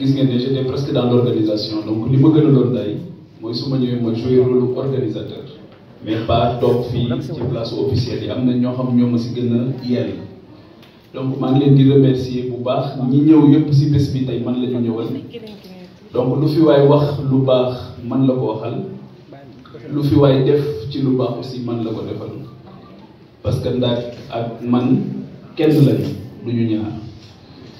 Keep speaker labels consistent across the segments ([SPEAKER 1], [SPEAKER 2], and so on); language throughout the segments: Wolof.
[SPEAKER 1] gis ngeen ne j'étais presque dans l'organisation donc li ma gën a doon day mooy su ma ñëwee ma jouer rôle organisateur mais pas toog fii ci place officielle yi am na ñoo xam ñoo ma si gën a yell donc maa ngi leen di remercier bu baax ñi ñëw yëpp si bés bi tey man la ñu ñëwal donc lu fi waay wax lu baax man la ko waxal lu fi waay def ci lu baax aussi man la ko defal parce que ndax ak man kenn lañu du ñu ñaar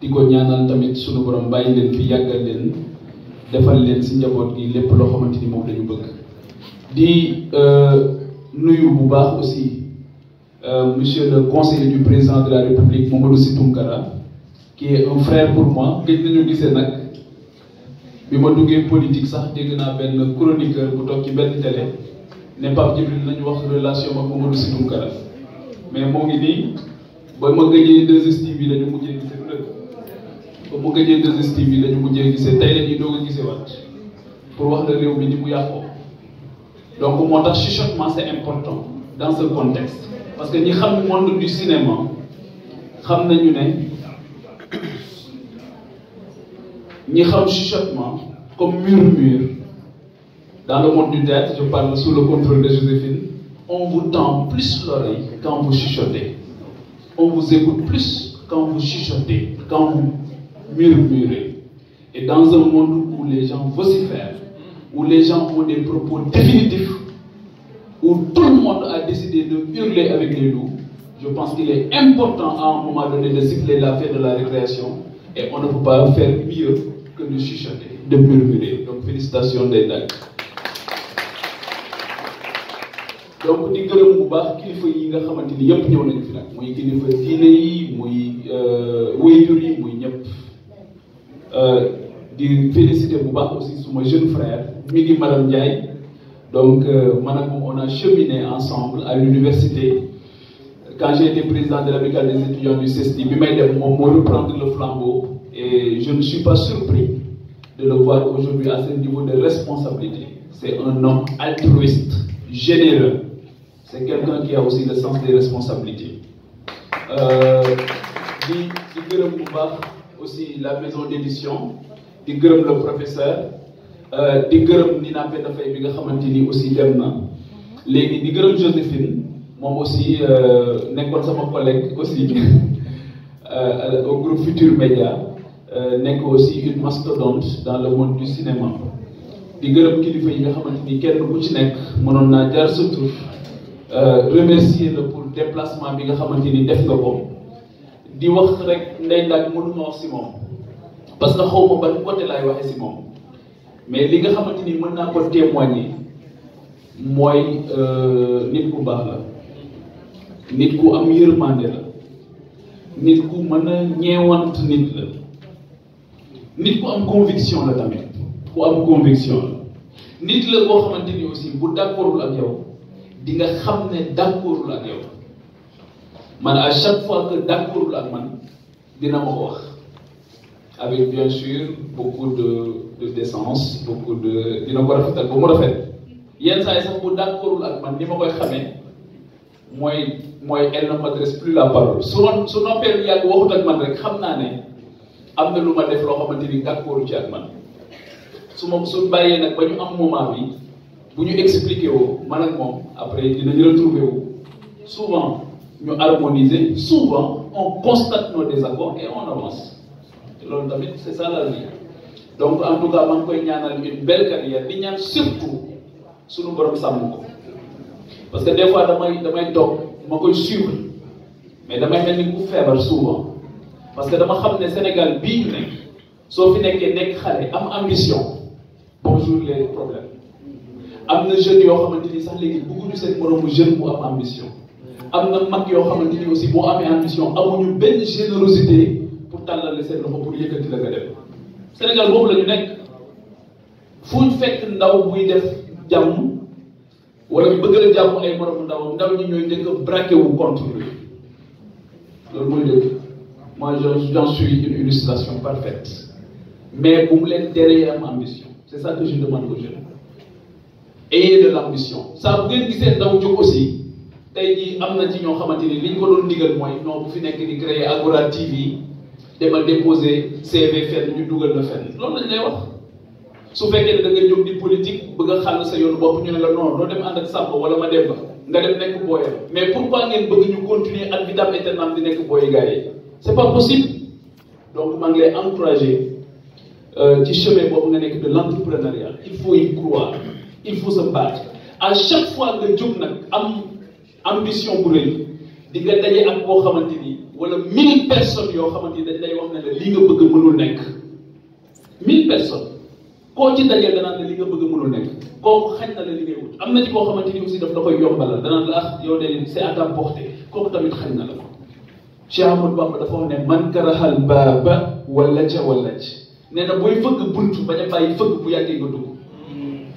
[SPEAKER 1] di ko ñaanal tamit sunu borom bàyyi leen fi yàggal leen defal leen si njaboot gi lépp loo xamante ni moom lañu bëgg di euh, nuyu bu baax aussi euh, monsieur le conseiller du président de la république Mamadou Sy Tounkara qui est un frère pour moi gëj nañu gisee nag bi ma duggee politique sax dégg naa benn chroniqueur bu toog ci benn télé ne Pape Djibril nañu wax relation ak Mamadou Sy mais moo ngi nii ba ma gëjee 2STV bi lañu mujjee pour mu gëjee des stv yi dañu mujjee gisee tey la ñuy doog a gisee pour wax la réew mi ni mu yàqoo donc moo tax chuchotement c'est important dans ce contexte parce que ñi xam monde du cinéma xam nañu ne ñi xam chuchotement comme murmure dans le monde du théâtre je parle sous le contrôle de Joséphine on vous tend plus l'oreille quand vous chuchotez on vous écoute plus quand vous chuchotez quand vous murmurer. Et dans un monde où les gens vocifèrent, où les gens ont des propos définitifs, où tout le monde a décidé de hurler avec les loups, je pense qu'il est important à un moment donné de siffler la fête de la récréation et on ne peut pas faire mieux que de chuchoter, de murmurer. Donc félicitations des donc di gërëm bu baax kilifa yi nga yëpp ñëw nañu fi kilifa yi euh, euh, di féliciter bu aussi sur mon jeune frère Midi Madame Ndiaye donc euh, on a cheminé ensemble à l'université quand j'ai été président de l'amicale des étudiants du CESTI bi may dem moom le flambeau et je ne suis pas surpris de le voir aujourd'hui à ce niveau de responsabilité c'est un homme altruiste généreux c'est quelqu'un qui a aussi le sens des responsabilités euh, di di aussi la maison d'édition di gërëm le professeur euh, di Nina Penda Faye bi aussi Demna, na Josephine, di aussi euh, nekkoon sama collègue aussi euh, au groupe Futur Média nekk aussi une mastodonte dans le monde du cinéma di gërëm kilifa yi nga xamante ni kenn ku ci nekk mënoon naa remercier la pour déplacement bi nga xamante ni def di wax rek ndey laaj mënuma wax si moom parce que xaw ma ban côté laay waxe si moom mais li nga xamante ni mën naa ko témoigner mooy euh, nit ku baax la nit ku am yërmande la nit ku mën na ñeewant nit la nit ku am conviction la tamit ku am conviction la nit la koo xamante ni aussi bu d'accordul ak yow di xam ne d'accordul ak yow man à chaque fois que d'accordul ak man dina ma wax avec bien sûr beaucoup de de décence beaucoup de dina ko rafetal ba mu rafet yenn say sax bu d'accordul ak man ni ma koy xamé moy moy elle ne m'adresse plus la parole su ma su noppee yàgg waxut ak man rek xamna né amna luma def lo xamanteni ni ci ak man su ma su nak bañu am moment bi bu ñu expliqué woo man ak mom après dinañu retrouver wu souvent nous harmoniser souvent on constate nos désaccords et on avance c'est ça la vie donc en tout cas je ngi koy ñaanal une belle carrière di ñaan surtout suñu borom sàmm ko parce que des fois damay damay toog ma suis suivre mais je suis ni ku feebar souvent parce que dama que au Sénégal bii ñu nekk soo fi nekkee nekk xale am ambition bonjour les problèmes am na jeunes yoo xamante ni sax léegi bëgguñu seen moromu jeune am ambition am na mag yoo xamante ni aussi boo amee ambition amuñu benn générosité pour tàllal la seen loxo pour yëkkati la nga dem Sénégal boobu la ñu nekk fu fekk ndaw buy def jàmm wala ñu bëgg la jàmm ay moromu ndaw ndaw ñi ñooy dégg braqué wu contre lui loolu mooy dëgg moi j'en suis une illustration parfaite mais bu mu leen teree am ambition c'est ça que je demande aux jeunes ayez de l'ambition ça bu ngeen gisee ndaw jóg aussi tey jii am na ci ñoo xamante ni liñ ko doon digal mooy non bu fi nekk di créer Agora TV demal déposer CV fenn ñu dugal na fenn loolu lañ lay wax su fekkee ne da nga jóg di politique bëgg a xàll sa yoon bopp ñu ne la non doo dem ànd ak Samba wala ma dem ba nga dem nekk booyam mais pourquoi ngeen bëgg ñu continuer ak vitam éternam di nekk booy gars yi c'est pas possible donc maa ngi lay encourager euh, ci chemin boobu nga nekk de l'entrepreneuriat il faut y croire il faut se battre à chaque fois nga jóg nag am. ambition bu rëy di nga daje ak boo xamante ni wala mille personnes yoo xamante ni dañ lay wax ne la li nga bëgg mënul nekk mille personnes koo ci daje danaan la li nga bëgg mënul nekk kooku xañ na la li ngay wut am na ci koo xamante ni aussi daf la koy yombalal danaan la ah yow de c'est à ta portée kooku tamit xañ na la ko Cheikh Ahmadou Bamba ne man karaxal baaba wala ca wala ci nee na booy fëgg bunt bañ a bàyyi fëgg bu yàggee nga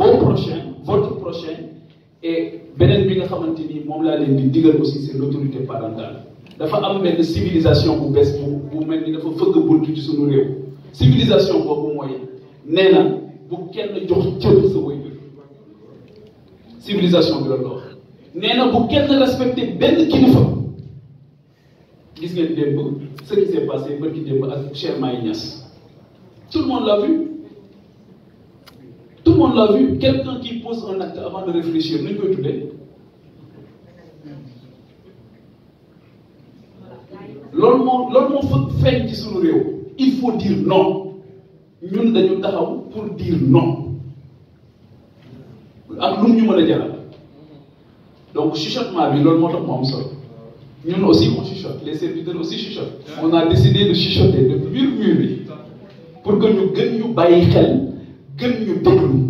[SPEAKER 1] bon prochain votre prochain et beneen bi nga xamante ni moom laa digal aussi c'est l'autorité parentale dafa am benn civilisation bu bees bu même mel ni dafa fëgg buntu ci suñu réew civilisation boobu vous nee na bu kenn jox cër sa waajur civilisation bi la Nena, nee na bu kenn respecté benn kilifa gis ngeen démb ce qui s'est passé Qu'est-ce qui ak passé? Cher Niass tout le monde l'a vu on l'a vu, quelqu'un qui pose un acte avant de réfléchir, ne peut tout l'homme faut faire le il faut dire non nous, ñun dañu taxaw pour dire non donc chichote m'a dit Nous am aussi on chichote. les serviteurs aussi chichot. on a décidé de chichoter, de murmurer pour que nous gagnions ñu gagnions xel gën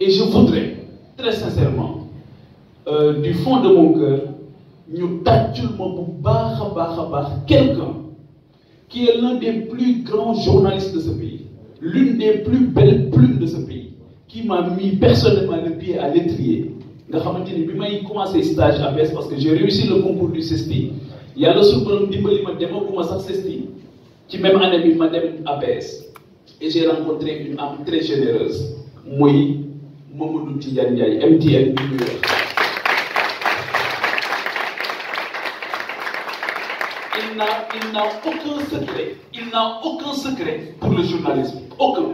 [SPEAKER 1] Et je voudrais, très sincèrement, euh, du fond de mon cœur, nous tâtons quelqu'un qui est l'un des plus grands journalistes de ce pays, l'une des plus belles plumes de ce pays, qui m'a mis personnellement le pied à l'étrier. nga xamante il bi may commencé à bs parce que j'ai réussi le concours du CESTI yàlla suñu borom dimbali ma demaguma sax CESTI qui même année bi ma à BES et j'ai rencontré une âme très généreuse Moui Mamadou Tidiane Ndiaye MTN bi ñu wax il n'a il n'a aucun secret il n'a aucun secret pour le journalisme aucun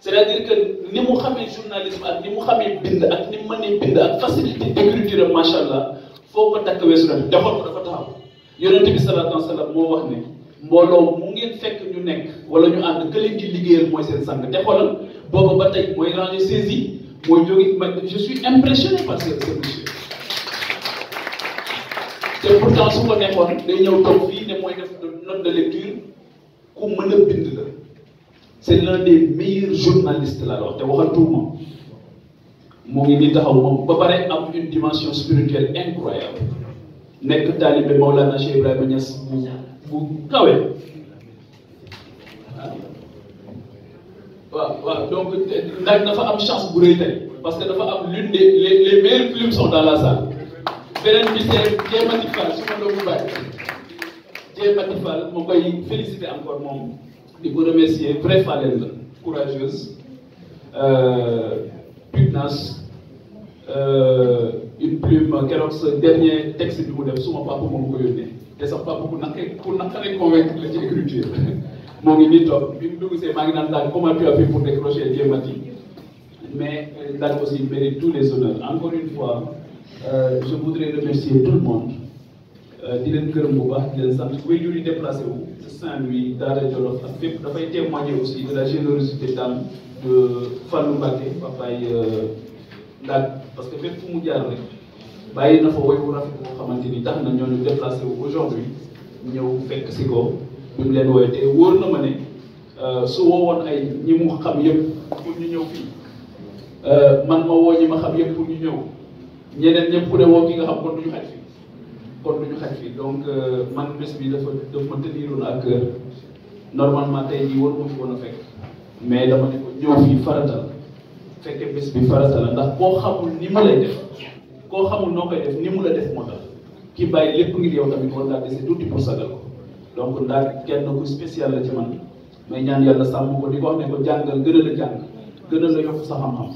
[SPEAKER 1] c'est-à-dire que ni mu xamee journalisme ak ni mu xamee bind ak ni mu bind ak facilité d'écriture machallah allah foo ko takk weesu nag doxal ko dafa taxaw yonent bi sallallahu alayhi wa sallam moo wax ne mbooloo mu ngeen fekk ñu nekk wala ñu ànd ke leen ci liggéeyal mooy seen sang te xoolal booba ba tey mooy ranger saisi je suis impressionné par ce, ce monsieur. te pourtant su ma nekkoon day ñëw toog fii ne mooy def note de lecture ku mën a bind la c' est des meilleurs journalistes la wax te waxatuma mu ngi nii taxaw moom ba pare am une dimension spirituelle incroyable nekk taalibe Maulana Cheikh Ibrahima Niass bu bu kawe wa donc nag dafa chance pour parce que l'une des les meilleures plumes sont dans la salle félicitations féliciter encore mon remercier vrai Fallène courageuse euh, pugnace euh, une plume keroog dernier texte du modèle def pas papa pour ko et ça pas convaincre Mon ngi nii toog bi mu dugg comment tu as fait pour décrocher Dieu m'a dit mais euh, Dal aussi mérite tous les honneurs encore une fois euh, je voudrais remercier tout le monde euh, di leen gërëm bu baax di leen sant way jur yi déplacé wu Saint-Louis daara Jolof ak fépp dafay témoigner aussi de la générosité d'âme de Fallou Mbacké papaay euh, ndaag parce que fépp fu mu jaar rek bàyyi na fa way wu a boo xamante ni tax na ñooñu déplacé wu aujourd'hui ñëw fekk si ko bi leen wooyee te wóor na ma ne euh, su woowoon ay ñi mu xam yëpp pour ñu ñëw fii euh, man ma woo ñi ma xam yëpp pour ñu ñëw ñeneen ñëpp ku ne woo ki nga xam kon du ñu xaj fii kon du ñu xaj fii donc euh, man bés bi dafa dafa ma tëddiiroon ak cœur normalement tey jii war ma fi woon fekk mais dama ne ko ñëw fii farata la fekke bés bi farata ndax koo xamul ni mu lay def koo xamul noo koy def ni mu la def moo tax ki bàyyi lépp ngir yow tamit war ngaa dese tuuti pour sagal donc ndax kenn ku spécial la ci man may ñaan yàlla sàmm ko di ko wax ne ko jàngal gënal a jàng gënal a yokk sa xam-xam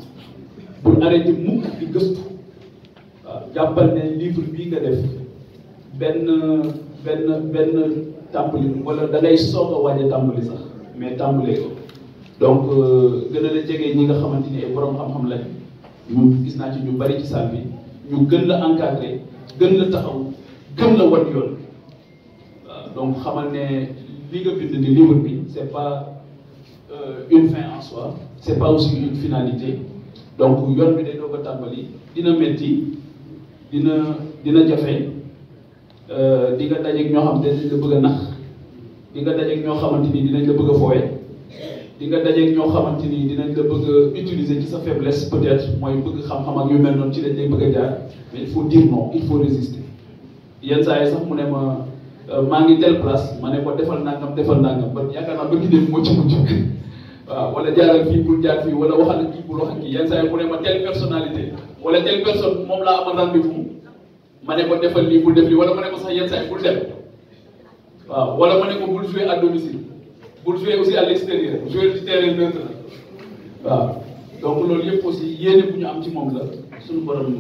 [SPEAKER 1] bul arrêté mukk waaw jàppal ne livre bii nga def benn benn benn tàmbali wala da ngay soog a tàmbali sax mais tàmbalee ko donc euh, gën jege ñi nga xamante ni borom xam-xam lañ ñu gis naa ci ñu bari ci salle ñu gën la encadré gën la taxaw gën la wan yoon. donc xamal ne li nga bind ni livre bi c'est pas euh, une fin en soi c'est pas aussi une finalité donc yoon bi day doog a tàmbali dina métti dina dina jafe euh, di nga dajeeg ñoo xam ne dinañ la bëgg a nax di nga dajeeg ñoo xamante ni dinañ la bëgg a fooye di nga dajeeg ñoo xamante ni dinañ la bëgg a utiliser ci sa faiblesse peut-être mooy bëgg xam-xam ak yu mel noonu ci lañ lay bëgg a jaar mais il faut dire non il faut résister yenn saa yi sax mu ne ma Euh, maa ngi tel place ma ne ko defal nangam defal nangam ba yaakaar naa ba ki def moo ci mujj waaw wala jaaral fii bul jaar fii wala waxal kii bul wax kii yenn saa yi mu ne ma telle personnalité wala telle personne moom laa amal rendez-vous ma ne ko defal lii bul def lii wala ma ne ko sax yenn saa bul dem waaw wala ma ne ko bul jouer à domicile bul jouer aussi à l'extérieur jouer ci terrain neutre waaw donc loolu yëpp aussi yéene bu ñu am ci moom la suñu borom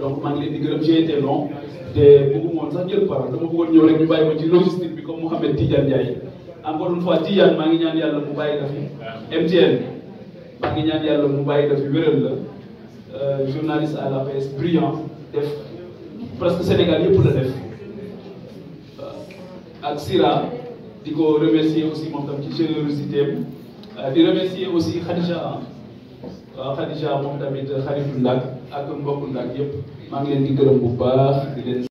[SPEAKER 1] donc j'ai été long te monde, jël dama ñëw rek ñu logistique comme Mohamed Tidiane encore une fois Tidiane je ngi ñaan MTN euh, journaliste à la presse brillant presque Sénégal yëpp la def euh, ak Sira remercie remercier aussi moom tam ci générosité euh, aussi Khadija Khadija tamit ak mbokku Ndar yëpp maa ngi leen di gërëm bu baax di